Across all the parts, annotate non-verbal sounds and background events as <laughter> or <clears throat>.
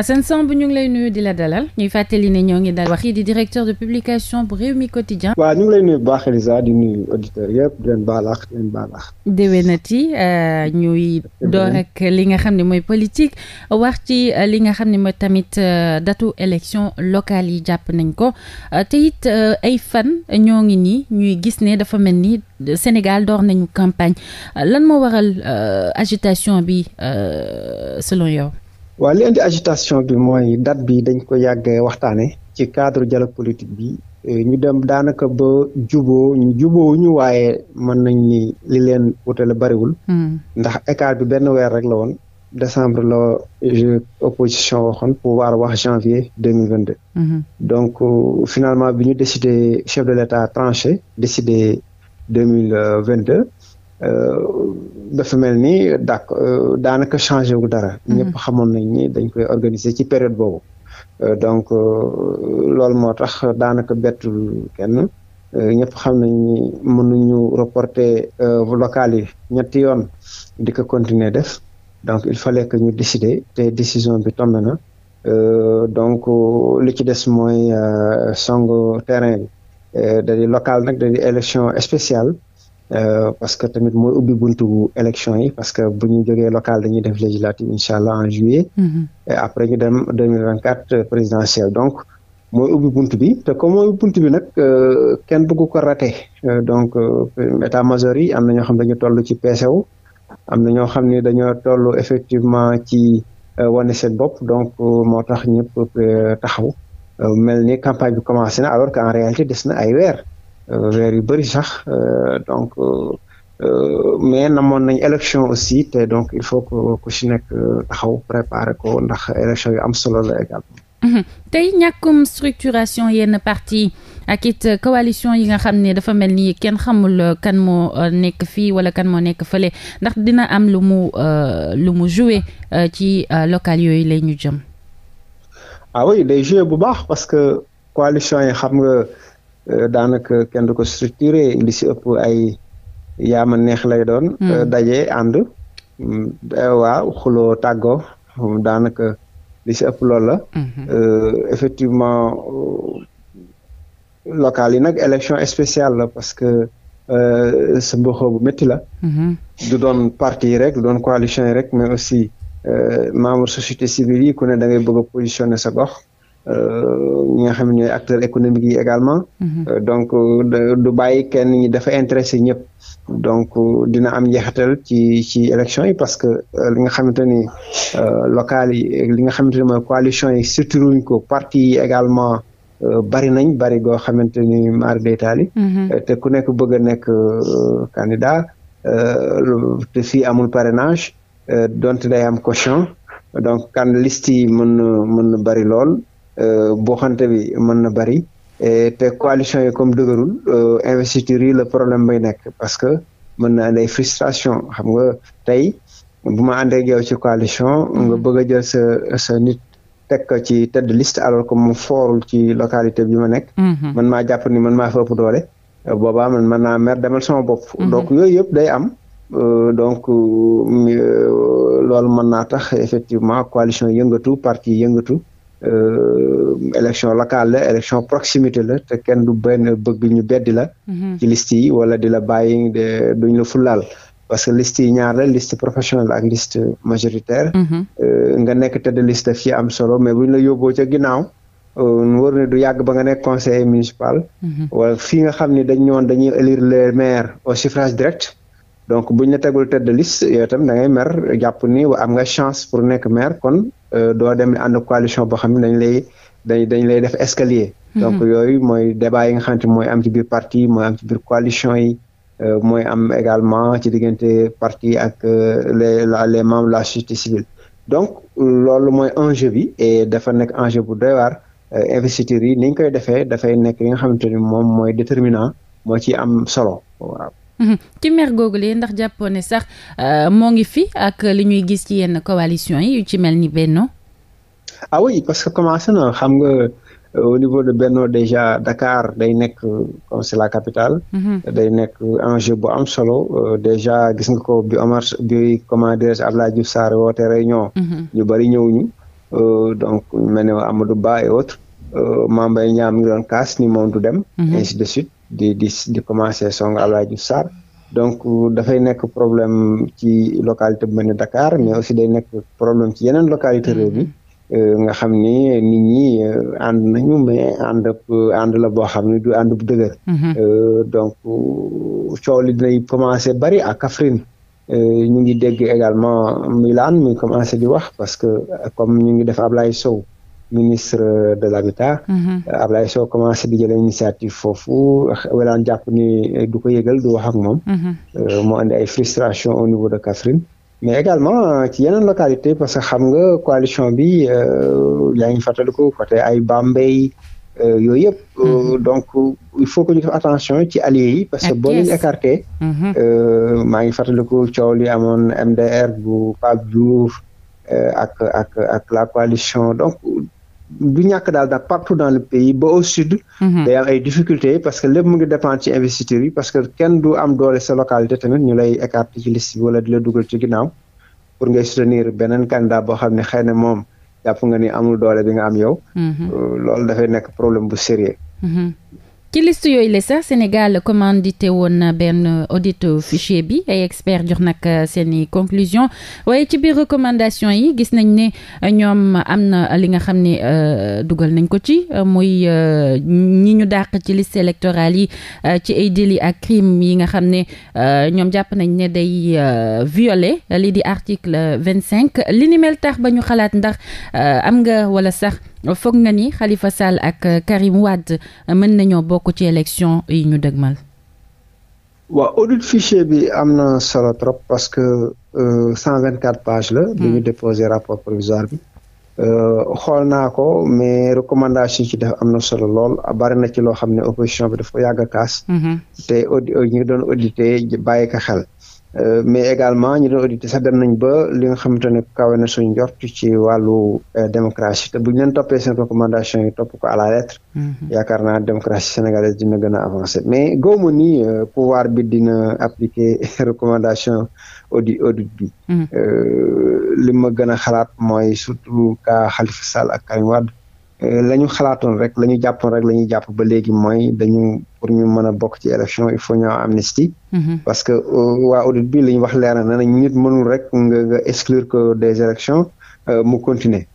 Assane Samb ñu ngi lay nuyu di la dalal ñuy fàttali ne ñoo ngi dal wax yi di directeur de publication bu Rewmi Quotidien. waaw ñu ngi lay nuyu bu baax Elisa di nuyu auditeurs yëpp di leen baalax di leen baalax. Euh, ñuy door ak li nga xam ne mooy politique wax ci euh, li nga xam ne mooy tamit euh, datu élection locale yi jàpp nañ ko te it ay fan ñoo ngi nii ñuy gis ne dafa mel ni Sénégal door nañu campagne lan moo waral agitation bi selon yow. waaw li indi agitation bi mooy date bi dañ ko yàgg waxtaane ci cadre dialogue politique bi euh, ñu dem daanaka ba juboo ñu waaye mën nañ ni li leen wutale bariwul hmm. ndax écart bi benn weer rek la woon décembre la opposition waxoon pouvoir wax janvier deux mille hmm. donc euh, finalement bi ñu décidé chef de l' état tranché décidé deux mille vingt deux Euh, dafa mel ni dak euh, daanaka changé wu dara. Mm-hmm. ñëpp xamoon nañ ni dañ koy organiser ci période boobu. Euh, donc loolu moo tax daanaka bettul kenn ñëpp xam nañ ni mënuñu reporter local yi ñetti yoon di ko continuer def donc il fallait que ñu décider te décision bi tombé na. Euh, donc li ci des mooy song terrain bi da di local nag da di élection spéciale Euh, parce que tamit mooy ubbi buntu élection yi parce que bu ñu jógee local dañuy def législative incha allah en juillet. Mm-hmm. après ñu dem 2024 euh, présidentielle donc mooy ubbi bunt bi te comme mooy ubbi bi nag euh, kenn bëgg ko raté donc état major yi am na ñoo xam dañu toll ci PCO am na ñoo xam ne dañoo toll effectivement ci wane seen bopp donc moo tax ñëpp taxaw mel ni campagne bi commencé na alors que en réalité des na ay weer. weer yu bëri sax euh, donc euh, euh, mais moon nañ élection aussi te donc il faut que ku nekk taxaw préparer ko ndax élection yu am solo la également. Mhm. tey ñàkkum structuration yenn parti ak it coalition yi nga xam ne dafa mel nii kenn xamul kan moo nekk fii wala kan moo nekk fële ndax dina am lu mu lu mu joué ci local yooyu lay ñu jëm. ah oui day joué bu baax parce que coalition yi xam nga. Euh, daanaka kenn du ko structuré li si ëpp ay yaama neex lay doon. Hmm. Euh, daje ànd. Hmm, eh, waaw xuloo tàggoo hmm, daanaka li si ëpp loolu la. Euh, effectivement local yi nag élection spéciale la parce que. sa mboxoo bu metti la. du doon parti rek du doon coalition yi rek mais aussi membre société civile yi ku ne da ngay bëgg a sa Euh, ñi nga xam ne ñooy acteurs économiques yi également. Mhm. Euh, donc du bàyyi kenn ñi dafa intéressé ñëpp. donc dina am njeexital ci ci élection yi parce que euh, li nga xamante ni locales yi li nga xamante ni mooy coalition yi structuré ko parti yi également. bari nañ bari goo xamante ni mari deytaali mhm. te ku nekk bëgg nekk candidat te fii amul parrainage donte day am caution donc kan liste yi mën na mën na bari lool Euh, buuxante bi mën na bari te coalition yi comme dëgërul euh, investiture yi le problème bay nekk parce que mën na andi ay frustration xam nga tey bu ma ànd ak yow ci coalition nga mm-hmm. bëgg a jël sa sa nit teg ko ci tête de liste alors que mu foorul ci localité bi ma nekk mm-hmm. man maa jàpp ni man maa fa ëpp doole euh, boobaa man mën naa mer demal sama bopp mm-hmm. donc yooyu yëpp day am donc loolu mën naa tax effectivement coalition yëngatu parti yëngatu Euh, élection locale la élection proximité la te kenn du benn bëgg ñu beddi la. Mhm. ci liste wala di la bàyyi duñ la fulaal. parce que liste yi ñaar la liste professionnelle ak liste majoritaire. Mhm. Euh, nga nekk tête de liste daf ci am solo mais buñ la yóbboo ca ginnaaw. Euh, war ne du yàgg ba nga nekk conseiller municipal. Mhm. wala fii xam ne dañ ñoon élire les maires au suffrage direct. donc buñ la tegul tête de liste yow itam da ngay mer jàpp ni am nga chance pour nekk maire kon euh, doo dem ànd coalition boo xam ne dañ lay dañ dañ lay def escalier. Mhm. donc yooyu mooy débat yi nga xamante mooy am ci biir parti mooy am ci biir coalition yi euh, mooy am également ci diggante parti ak euh, les les membres la société civile. donc loolu mooy enjeu bi et dafa nekk enjeu bu doy waar investiture yi ni ñu koy defee dafay nekk yi nga xamante ni moom mooy déterminant moo ci am solo Mhm. ci mer googu lee ndax jàppoo ne sax euh, moo ngi fi ak li ñuy gis ci yenn coalition yi ci mel ni Benno a ah oui parce que commencé na xam nga euh, au niveau de Benno déjà Dakar day nekk comme c'est la capitale. Mhm. day nekk enjeu bo am solo euh, déjà gis nga ko bi Omar bi comment dirais-je Abdoulaye woote réunion. Mhm. ñu bari ñëwuñu donc mel ne Amadou Ba et autres Mame Mbaye Niang mi ngi doon ni moom du dem. ainsi de suite. di di di commencé song Abdoulaye Diouf Sarr donc dafay nekk problème ci localité bu mel ne Dakar mais aussi day nekk problème ci yeneen localité réew mi euh, nga xam ni nit ñi euh, ànd nañu mais ànd ànd la boo xam ni du ànd bu dëgër. Mm-hmm. Euh, donc coow li dinay commencé bari à Kaffrine. ñu ngi dégg également Milan mi commencé di wax parce que comme ñu ngi def Ablaye Sow. ministre de l'habitat mhm. Ablaye Sow commencé di jël initiative foofu a jàpp ni du ko du wax ak moom mhm. euh, andi ay frustration au niveau de Kaffrine mais également euh, ci yeneen localité parce que xam nga coalition bi euh, yaa ngi fàttaliku côté ay Bambey yooyu yëpp mhm. donc il faut que ñu attention ci alliés yi parce que bo leen écarté maa ngi fàttaliku coow li MDR bu Pape Diouf ak la coalition donc du ñàkk daal daal partout dans le pays ba au sud. Mhm. day am ay difficultés parce que lépp mu ngi dépendre ci investiture yi parce que kenn du am doole sa localité tamit ñu lay écarter ci liste bi wala di dugal ci ginnaaw pour ngay soutenir beneen candidat boo xam ne xëy a moom jàpp nga ni amul doole bi nga am yow. Mhm. Euh, loolu dafay nekk problème bu sérieux. Mhm. ci liste yooyu la sax Sénégal commandité woon benn audit fichier bi ay experts jox nag euh, seen i conclusion waaye ci biir recommandation yi gis nañ ne euh, ñoom am na li nga xam ne euh, dugal nañ ko ci muy ñi ñu dàq ci liste électorale yi ci ay délits ak crime yi nga xam ne ñoom jàpp nañ ne day violer lii di article vingt cinq li ni mel tax ba ñu xalaat ndax am nga wala sax foog nga ni Khalifa Sall ak euh, Karim Wade euh, mën nañoo bokk ci élection yi ñu dëgmal. waaw audit fichier bi am na solo trop parce que euh, cent vingt quatre pages la. Hmm. bi ñu déposé rapport provisoire bi. xool naa ko mais recommandation ci def am na solo lool bari na ci loo xam ne opposition bi dafa yàgg a kaas. Hmm. te audit ñu doon audité bàyyi ko xel. Euh, mais également ñu doon audité sax dem nañ ba li nga xamante ne kawe na suñ njort ci wàllu euh, démocratie te bu ñu leen toppee seen recommandation yi topp ko à la lettre. Mhm. yaakaar naa démocratie sénégalaise dina gën a avancé mais gaw ma euh, pouvoir bi dina appliquer <laughs> recommandation audit audit bi. Mhm. li ma a xalaat mooy surtout ka Khalifa Sall ak Karim Wade. Euh, la ñu xalaatoon rek la ñu jàppoon rek la ñuy jàpp ba léegi mooy dañu pour ñu mën a bokk ci élection il faut ñu amnistie. Mm-hmm. parce que euh, waa audit bi li wax leer na nañ nit mënul rek nga nga exclure des élections euh, mu continuer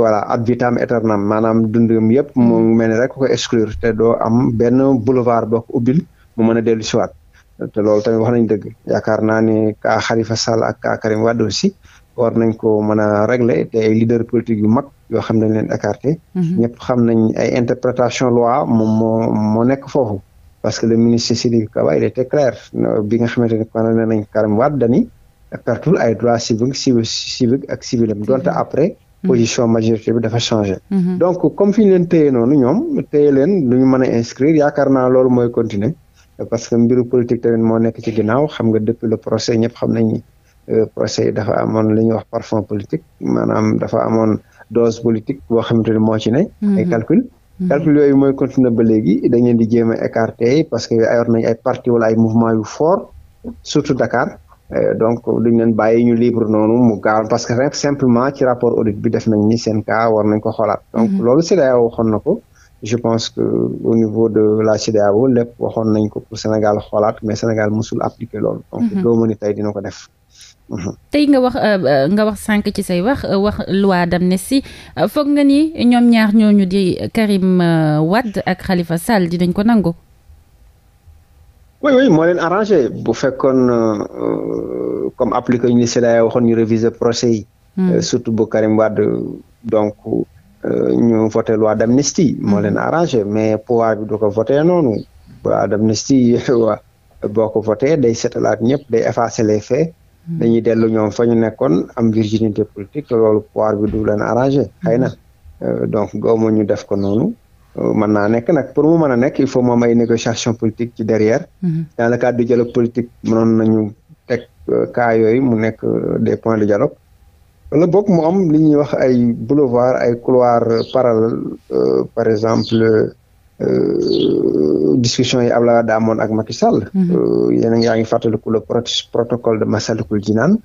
voilà ad vitam aeternam maanaam dundam yëpp mu mm-hmm. mel ni rek ko exclure te doo am benn boulevard boo ko ubbil mu mën a dellu si te loolu tamit wax nañ dëgg yaakaar naa ne kaa Khalifa Sall ak kaa Karim Wade aussi ko mën a régler te ay leader politique yu mag. yoo xam ne dañ leen écarté. Mhm. ñëpp xam nañ ay interprétation loi moom moo moo nekk foofu. parce que le ministre Sidiki Kaba il était clair bi nga xamante ne condamné nañ Karim Wade dani pertul ay droits civiques civiques civiques ak civil am donte mhm. après. position majorité bi dafa changé. Mhm. donc comme fi ñu leen téye noonu ñoom téye leen lu ñu mën a inscrire yaakaar naa loolu mooy parce que mbiru politique tamit moo nekk ci ginnaaw xam nga depuis le procès ñëpp xam nañ ni euh, procès politique maanaam dafa amoon. dose politique boo xamante ne moo ci ne. Mhm. ay calcul. Mhm. calcul yooyu mooy continuer ba léegi dañ leen di jéem a parce que ayoon nañ ay parti wala ay mouvement yu fort surtout Dakar. Euh, donc duñ leen bàyyi ñu libre noonu mu gaaw parce que rek simplement ci rapport audit bi def nañ ni seen cas war nañ ko xolaat donc mhm. loolu CEDEAO waxoon na ko. je pense que au niveau de la CEDEAO lépp waxoon nañ ko pour Sénégal xoolaat mais Sénégal mosul appliquer lool donc doo mën tey dina ko def. Mhm. tey nga wax euh, euh, nga wax sànq ci say wax euh, wax loi d'amnistie foog nga ni ñoom ñaar ñooñu di Karim Wade ak Khalifa Sall dinañ ko nangu. oui oui moo arrangé bu fekkoon comme appliqué ñu ni CEDEAO waxoon ñu réviser procès hmm. surtout bu Karim Wade donc ñu voté loi d'amnistie moo hmm. leen arrangé mais pouvoir bi du ko voté noonu loi d'amnistie <laughs> waa boo ko voté day setalaat ñëpp day effacer les faits. Hmm. dañuy dellu ñoom fa ñu nekkoon am virginité politique loolu pouvoir bi du leen arrangé hmm. xëy na euh, donc gawma ñu def ko noonu euh, mën naa nekk nag pour mu mën nekk il faut moom ay négociation politique ci derrière hmm. dans le cadre du dialogue politique mënoon nañu teg euh, cas mu nekk des points de dialogue wala boog mu am li ñuy wax ay boulevard ay couloir parallèle par exemple Euh, discussion yi Ablaye Wade amoon ak Macky Sall. Mhm. Euh, yéen a yaa ngi fàttaliku le protocole de Massalikul Jinaan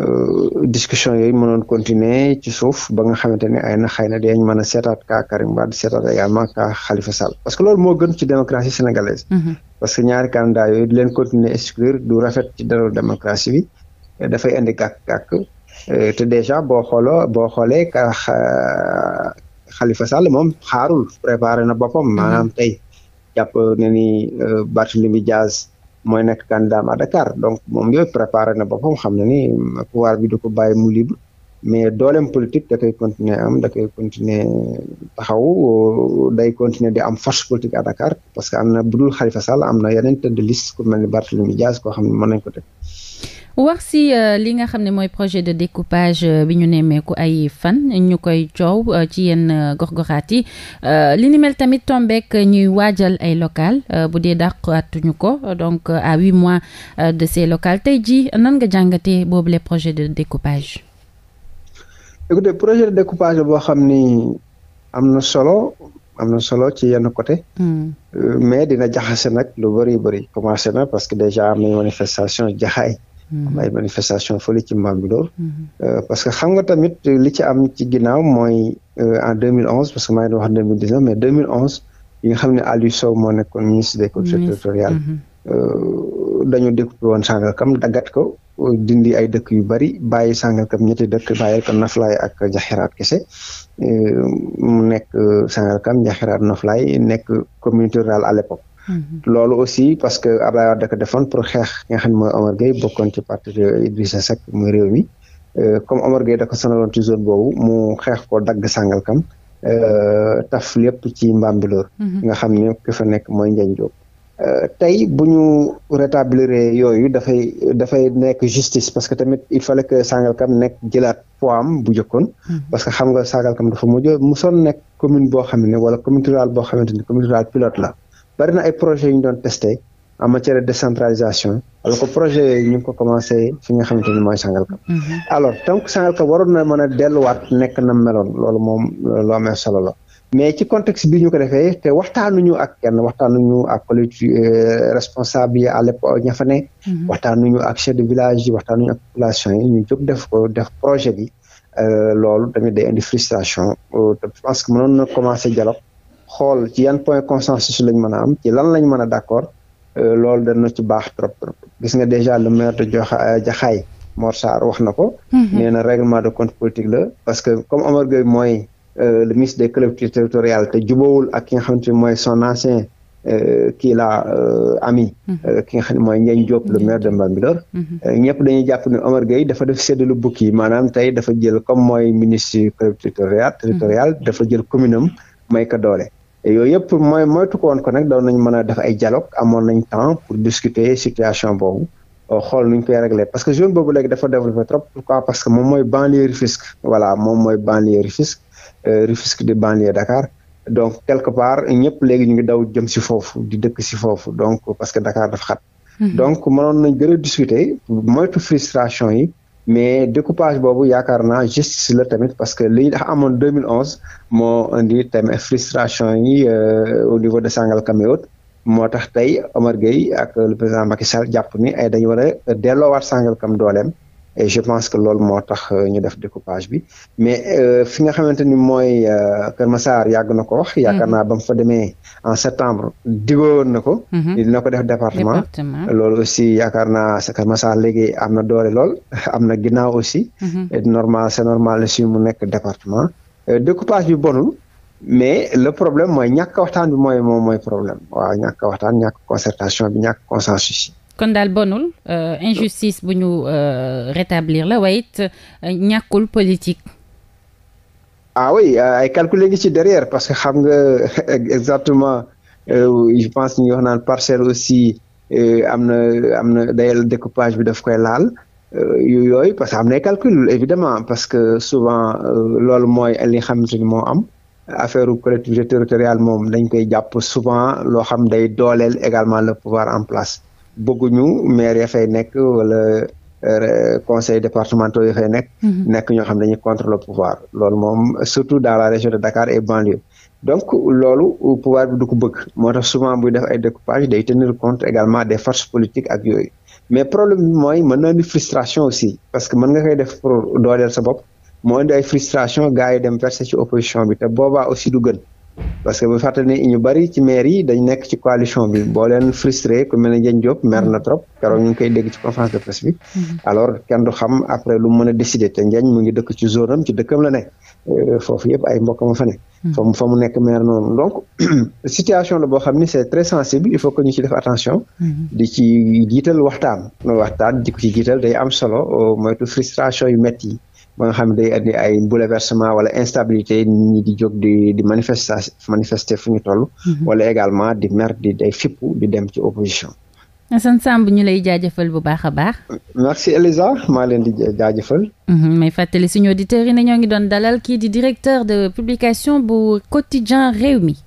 euh, discussion yooyu mënoon continuer ci suuf ba nga xamante ne ay na xëy na dañ mën a seetaat kaa Karim a seetaat également kaa Khalifa Sall parce que loolu moo gën ci démocratie sénégalaise. Mhm. parce que ñaari candidat yooyu di leen continuer exclure du rafet ci dara démocratie bi dafay indi gàkk déjà boo xooloo boo xoolee ka Khalifa Sall moom xaarul préparer na boppam mhm. maanaam tey jàpp na ni euh, Barthélémy Dias mooy nekk candidat à Dakar donc moom yooyu préparer na boppam xam na ni pouvoir bi du ko bàyyi mu libre mais doolem politique da koy continuer am da koy continuer taxaw euh, day continuer di am force politique à Dakar parce que am na budul Khalifa Sall am na yeneen tëdd liste ku mel ni Barthélémy Dias koo xam ne mën nañ ko teg wax si euh, li nga xam ne mooy projet de découpage euh, bi ñu nemmeeku ay fan ñu koy coow euh, ci yenn gox-goxaat yi li ni mel tamit tombeek ñuy waajal ay local bu dee dàqatuñu ko donc à huit mois de ces locales tey jii nan nga jàngatee boobu les projet de découpage. écoutez projet de découpage boo xam ni am na solo. am na solo ci yenn côté. Hmm. mais dina jaxase nag lu bëri bari commencé na parce que déjà am nañu manifestation jaxaay am hmm. ay manifestation fële ci Bambilor hmm. euh, parce que xam nga tamit euh, li ci am ci ginnaaw mooy euh, en de 2011 parce que maa ngi doon wax 2019 mais 2011 yi nga xam ne Aliou Sow moo nekkoon ministre des collectivités territoriales hmm, dañu découpé woon Sangalkam daggat ko dindi ay dëkk yu bari bàyyi Sangalkam ñetti dëkk bàyyil ko Naflaay ak Jaxiraat kese mu nekk Sangalkam Jaxiraat Naflaay nekk communauté rural à l'époque Mm-hmm. loolu aussi parce que Abdoulaye Wade da ko defoon pour xeex nga xam ne mooy Omar Gueye ci parti Idrissa Seck mi euh, comme Omar Gueye da ko sonaloon ci zone boobu mu xeex ko dagg Sangalkam euh, taf lépp ci Mbambilor mm-hmm. nga xam ne ki fa nekk mooy Ndiagne Diop euh, tey bu ñu rétablir yooyu dafay dafay nekk justice parce que tamit il fallait que Sangalkam nekk jëlaat poids am bu jëkkoon. Mm-hmm. parce que xam nga Sangalkam dafa mujj mu sonn nekk commune boo xam ne wala commune rurale boo xamante ni commune rurale pilote la. bari na ay projet yu ñu doon testé en matière de décentralisation alors que projet yooyu ñu ngi ko commencé fi nga xamante ni mooy Sangalkam. Mhm. alors donc Sangalkam waroon na mën a delluwaat nekk na meloon loolu moom lu amee solo la mais ci contexte bi ñu ko defee te waxtaanuñu ak kenn waxtaanuñu ak collectivité euh, responsable yi à l'époque ña fa ne. Mhm. waxtaanuñu ak chef de village yi waxtaanuñu a population yi ñu jóg def ko def projet bi euh, loolu tamit de indi frustration euh, te je que mënoon na commencé dialogue xool ci yan point consensus lañ mën a am ci lan lañ mën a d'accord euh, loolu dana ci baax trop trop gis nga déjà le maire de Jaxaay euh, Mor Sarr wax na ko. Mm-hmm. nee na règlement de compte politique la parce que comme Omar mooy euh, le ministre des collectivités te jubawul ak ki nga xamante ni mooy son ancien kii la ami. Mm-hmm. ki nga xam ne mooy Ndiagne Diop le maire de Bambilor. Mm-hmm. ñëpp dañuy jàpp ne Omar Gueye dafa def séddalu bukki yi maanaam tey dafa jël comme mooy ministre collectivités territoriales. dafa jël commune am may ko doole. et yooyu yëpp mooy moytu ko woon ko nag doon nañ mën a def ay dialogue amoon nañ temps pour discuter situation boobu euh, xool nuñ koy réglé parce que zone boobu léegi dafa développé trop pourquoi parce que moom mooy banlieue Rufisque voilà moom mooy banlieue Rufisque euh, Rufisque di banlieue Dakar donc quelque part ñëpp léegi ñu ngi daw jëm si foofu di dëkk si foofu donc parce que Dakar dafa xat mm-hmm. donc mënoon nañ gën a discuter moytu yi mais découpage boobu yaakaar naa justice la tamit parce que li dax amoon 2011 moo indi tamit frustration yi euh, au niveau de Sangalkam et autres moo tax tey Omar Gueye ak le président Macky Sall jàpp ni ay dañu war a delloowaat Sangalkam dooleem et je pense que loolu moo tax euh, ñu def découpage bi mais euh, fi nga xamante ni mooy euh, Kër Massar yàgg na ko wax. Mhm. yaakaar naa ba mu demee en septembre diggoon na ko. Mhm. dina def département. loolu aussi yaakaar na Kër Massar léegi am na doole lool <laughs> am na ginnaaw aussi. Mhm. normal c'est normal si mu nekk département découpage bi bonul. mais le problème mooy ñàkk waxtaan bi mooy moom mooy problème waaw ñàkk waxtaan ñàkk concertation bi ñàkk consensus yi kon daal bonul euh, injustice bu ñu euh, rétablir la waaye it euh, ñàkkul politique. ah oui ay calcul ngi ci derrière parce que xam nga <laughs> exactement je pense ñu wax naan parcelle aussi am na am na dayal découpage bi daf koy laal. yu yooyu parce que am na nay calcul évidemment parce que souvent loolu mooy li xam xamante ni moo am affaire collectivité territoriale moom dañ koy jàpp souvent loo xam day dooleel également le pouvoir en place bëgguñu maire ya nekk wala euh, conseil départementaux ya fay nekk. Mm-hmm. nekk ñoo xam ne dañuy contre le pouvoir loolu moom surtout dans la région de Dakar et banlieue. donc loolu pouvoir bi du bëgg moo tax souvent buy def ay découpage day tenir compte également des forces politiques ak yooyu mais problème bi mooy mën na indi frustration aussi parce que man nga koy def pour dooleel sa bopp moo indi ay frustration gars yi dem verser ci opposition bi te boobaa aussi du parce que bu fàttali i ñu bari ci maire yi dañ nekk ci coalition bi boo leen ku mel ne Dieng Diop na trop keroog ñu koy dégg ci conférence de presse mhm. alors kenn du xam après lu mu mën a décider te Dieng mu dëkk ci zone am ci dëkkam la ne euh, foofu yëpp ay mbokk ma fa ne. Mhm. fa nekk maire noonu donc <clears throat> situation la boo xam ni c'est très sensible il faut que ñu ci def attention. Mhm. di ci jiital waxtaan. waxtaan di ci jiital day am solo moytu frustration yu ba xam day andi ay bouleversement wala instabilité nit di jóg di di manifester fu ñu toll. Mhm. wala également di mer di day fippu di dem ci opposition. Assane Samb ñu lay jaajëfal bu baax a baax. merci Elisa maa leen di jaajëfal. Mhm, may fàttali suñu auditeurs yi ne ñoo ngi doon dalal kii di directeur de publication bu quotidien mi